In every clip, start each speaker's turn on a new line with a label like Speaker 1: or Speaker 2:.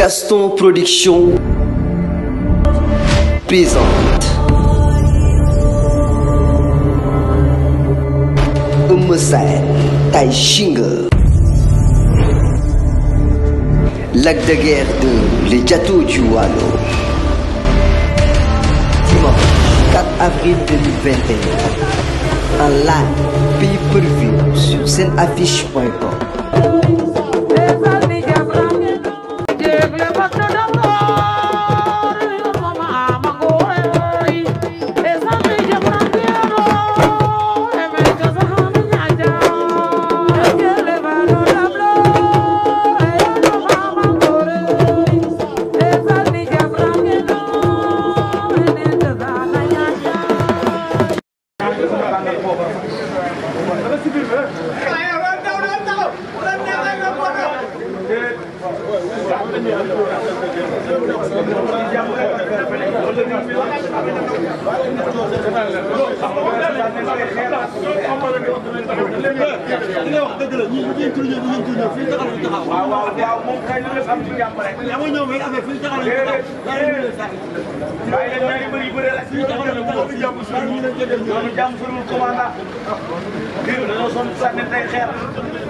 Speaker 1: Gaston Production présente Eumeu Sène Tay Lac de Guiers 2 les Diatou du Waalo dimanche avril 2021 en live pay-per-view sur seneaffiche.com waaw waaw waaw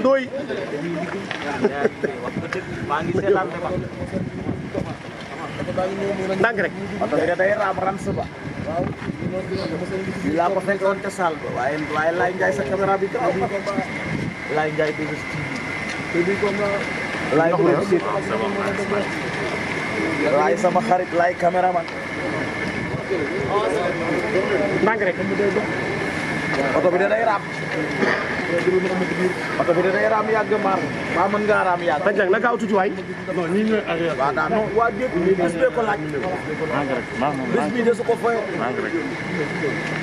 Speaker 1: ndooy ndànk rek day raam ram ba lii laa ko fekkoon ca saal ba waaye waaye laay njaay sa caméra bi gaaw laay njaay bi laay laay sama rek oto bi day raam oto bi dana raam yàgg maar maa mën ngaa raam yàgg. fekk nag na gaaw tuuti waay. non ñii ñooy arrière. waaw daa non waa déet bés bee ko laaj. bés bii de su ko fayoo.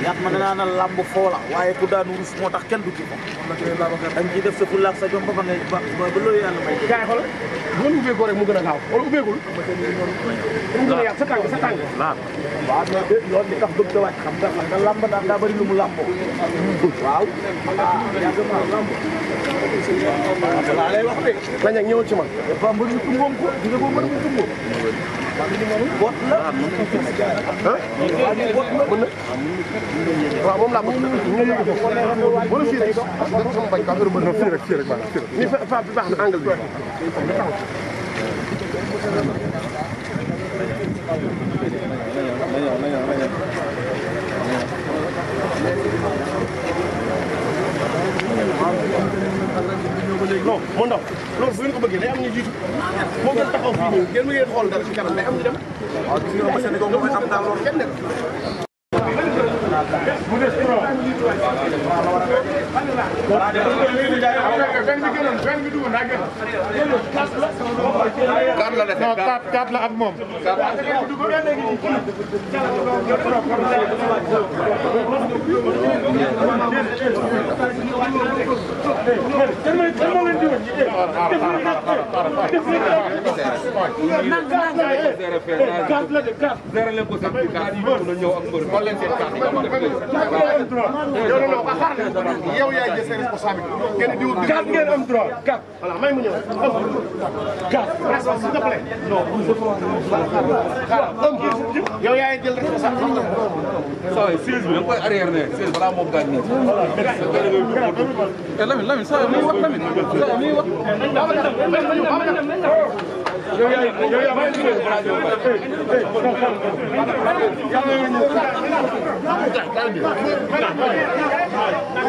Speaker 1: yaat ma danaa na làmb foo la waaye ku daanu rus moo tax kenn du ci ko. dañ ciy def sa fulla ak sa jom ba fa ngay ba ba loolu yàlla may. gars yi xoolal bu ngeen ubbeekoo rek mu gën a gaaw wala ubbeekul. mu gën a yàgg sa tàng sa tàng. waaw mais loolu li tax bëgg a wàcc xam nga xam nga làmb daal daa bëri lu mu làmboo waaw ma ñëw ñëwal ci man. dafa mbër ñu tungoom ko dina ko mbër ñu tungoom. bot la. ah mën na. waaw moom laa bëgg ñu yëngu foofu. wala fii rek. dama sama bañ ko affaire mbër. non fii rek fii rek baax na. nii fa fa bi baax na angle bi. na ñëw na ñëw na ñëw. non moo ndaw loolu bu ngeen ko bëggee day am ñu moo gën taxaw fii nii ngeen ngeen xool dara ci kanam day am ñu dem waaw gis nga la defe non kaat la ak moom. kaat la yow yaay jël seen responsabilité. kenn diwut bi gàtt ngeen am droit gàtt. voilà may mu ñëw gàtt. s'il te plaît. non yow yaay jël responsabilité. saa waay siis bi da nga koy arrière ne siis balaa moom gaañ nii. te Lamine Lamine saa mi wax Lamine saa mi wax. yow yaay yow yaa may liggéey balaa ñëw bari.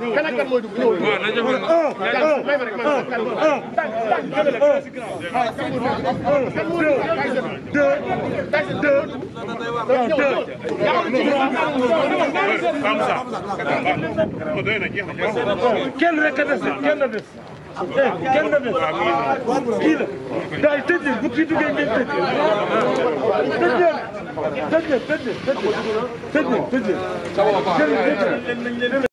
Speaker 1: kan ak kan mooy dugg ñëwul. waaw nañu defoon kenn rek a des kenn a des. kenn a des kii la daay tëj bu kii duggee ngeen tëj tëj leen tëj leen tëj leen tëj leen tëj leen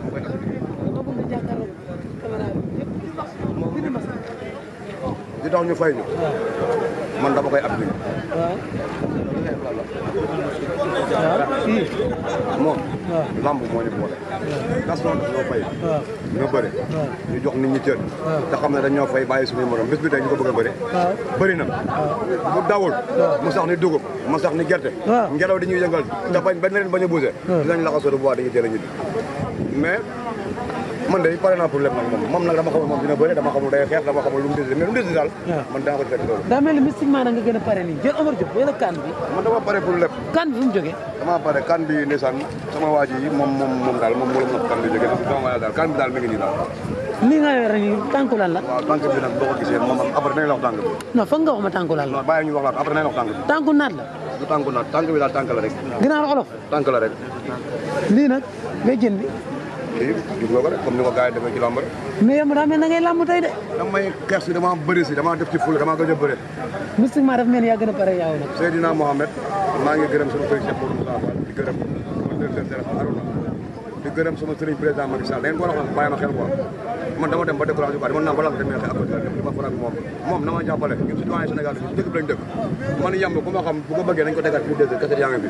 Speaker 1: di tax ñu fay ñu man dama koy abdi moom lamb moo ñu boole gaston daf ñoo fay ñoo bëri ñu jox nit ñi cër te xam ne dañ ñoo fay bàyyi suñuy morom bis bi tey ñu ko bëgg a bëri bëri na dawul mu sax ni dugub mu sax ni gerte ngelaw di ñuy yëngal te bañ bañ na leen bañ a buuse dinañ laxasoodu bu baax dañuy teel a ñibbi mais man de pare naa problème nag moom moom nag dama xamul moom dina bëre dama xamul day xeex dama xamul lu mu désiré mais daal man daa ko fekk nga gën a pare nii jël Omar Diop wala kan bi bi fu mu jógee pare kan bi ndeysaan sama waa moom moom moom daal moom molo na kan bi jógee sama waa daal kan bi daal mi nii daal li nii tànku la waaw bi nag boo ko gisee moom après nañ la wax tànk bi non foog nga wax ma tànku lan la bàyyi ñu wax la après tey gis nga ko rek comme ni ko gars yi defee ci lamb rek. mais yow daa mel na ngay lamb de. damay xeex si damaa bëri si damaa def ci ful damaa gëj a bëri. mystiquement dafa mel ni yaa gën a pare yow nag. Seydina Mohamed maa ngi gërëm suñu président pour Moussa Fall di gërëm. di gërëm sama sëriñ président Macky Sall dañ ko war a xam bàyyi ma xel quoi man dama dem ba découragé quoi dama naan balaa demee xel après di ma faral moom moom na ma jàppale ñun citoyen Sénégal ñu dëkk bi lañ dëkk man yemb ku ma xam bu ko bëggee nañ ko tegaat pour deux heures kaset yaa ngi fi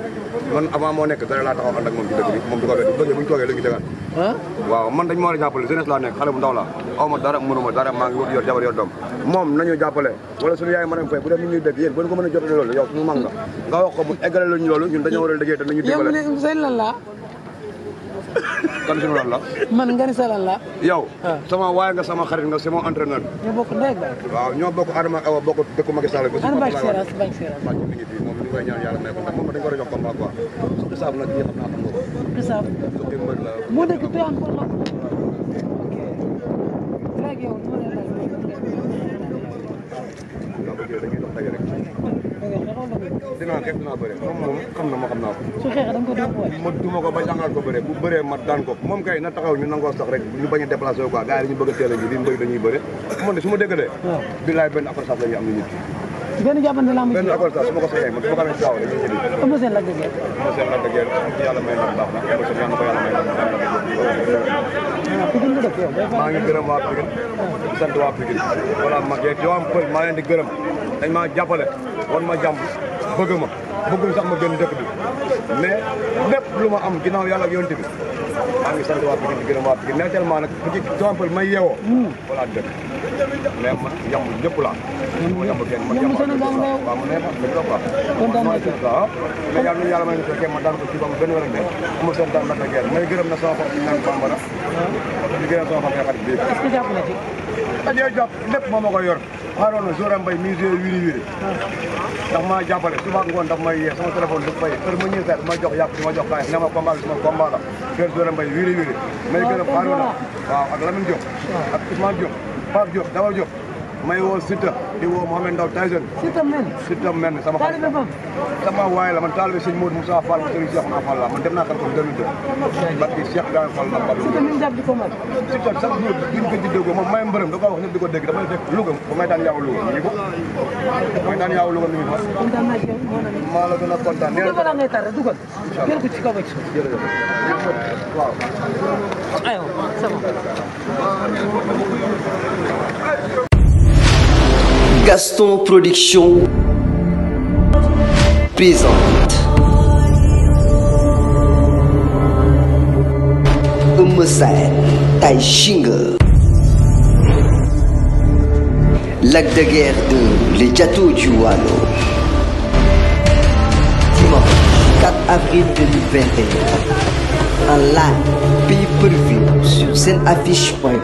Speaker 1: man avant moo nekk dara laa taxaw ànd ak moom ci dëkk bi moom du ko wet bu bëggee bu ñu toogee léegi tegaat waaw man dañ ma war a jàppale jeunesse laa nekk xale bu ndaw laa aw ma dara mënuma dara maa ngi wut yor jabar yor doom moom nañu jàppale wala suñu yaay Marème Faye bu dee ñu ñuy dégg yéen bu ñu ko mën a jotale loolu yow suñu mag nga nga wax ko mu eggale lañu loolu ñun dañoo war a liggéey te nañu dimbale kan suñu lan la. man nga ni sa lan la. yow. sama waay nga sama xarit nga sama entraîneur. ñoo bokk ndey ba. waaw ñoo bokk Adama Awa bokk dëkku Macky Sall. ana Bac Seras Bac Seras. waaw ñu ngi fi moom ñu ngi koy ñaan yàlla may ko ndax moom dañu war a jox combat dinaa xeex dinaa bëre moom moom xam na ma xam naa ko su xeexee da nga ko dóor bu ma duma ko ba jàngal ko bëre bu bëree ma daan ko moom kay na taxaw ñu nangoo sax rek ñu bañ a déplacé quoi gars yi dañu bëgg a teel a ji li mu bëgg dañuy bëre man de su ma déggalee bilaay benn apprentissage la ñu am ñu nit benn jàppante la am benn apprentissage su ma ko saxee man su ma xamee si waaw dañuy ñibbi ëmb seen la dëggeer ëmb seen la dëggeer yàlla may ndam baax na ëmb seen yàlla ko yàlla may ndam ah, maa ngi gërëm waa Pikine ah. sant waa Pikine voilà ma geeg yoo am pël maa leen di gërëm dañ maa jàppale wan ma jàmm bëgg ma bëggul sax ma gën dëkk bi mais lépp lu ma am ginnaaw yàlla ak yonte bi maa ngi sant waa Pikine di gërëm waa Pikine mais tellement nag bu ci exemple may yeewoo wala dëkk mais man yamb ñëpp laa ma yamb kenn man yamb waaw ma neex ma dox waaw ma sant waaw mais yàlla yàlla may na fekkee ma daan ko ci ba mu benn wala mais amul seen daan naka gerte may gërëm na sama bopp ñu naan bambara gën a tooxal sa xarit bi. est-ce que na ci. ah day jàpp lépp moom moo koy yor. xaaroon na Zora Mbaye mi ngi joué wiri wiri. ndax maa jàppale suba ngoon daf may yee sama téléphone du fay heure ma ñëw sax ma jox yàpp di ma jox kaay nga ma combat bi sama combat la. kër Zora Mbaye wiri wiri. Ah, may gën a xaaroon na waaw ak Lamine Diop. Ah. ak Ousmane Diop Pape Diop Daba Diop may woo di woo Mohamed Ndao Tyson. Siteu men Siteu men sama xarit sama waay la man taalibe sëñ Modou Moussa Fall sëriñ Cheikh Ouna Fall la man dem naa kan ko 2002. parce que Cheikh Ibrahima Fall la Mbab. Siteu mi ngi jàpp di ko mën. Siteu chaque jour biñ ko ci déggoo man may mbërëm da ko wax ñëpp di ko dégg damay fekk Louga ba may daan yaaw Louga ñu ko. may daan yaaw Louga ñu ko. maa la gën a kontaan. nee na ngay tar dugal. incha allah jël ko ci kaw ak suuf. jërëjëf waaw. aywa c'est bon. Gaston Production présente Eumeu Sène Tay Shinger Lac de Guiers 2 les Diatos du Walo dimanche 4 avril 2021 en live pay-per-view sur seneaffiche.com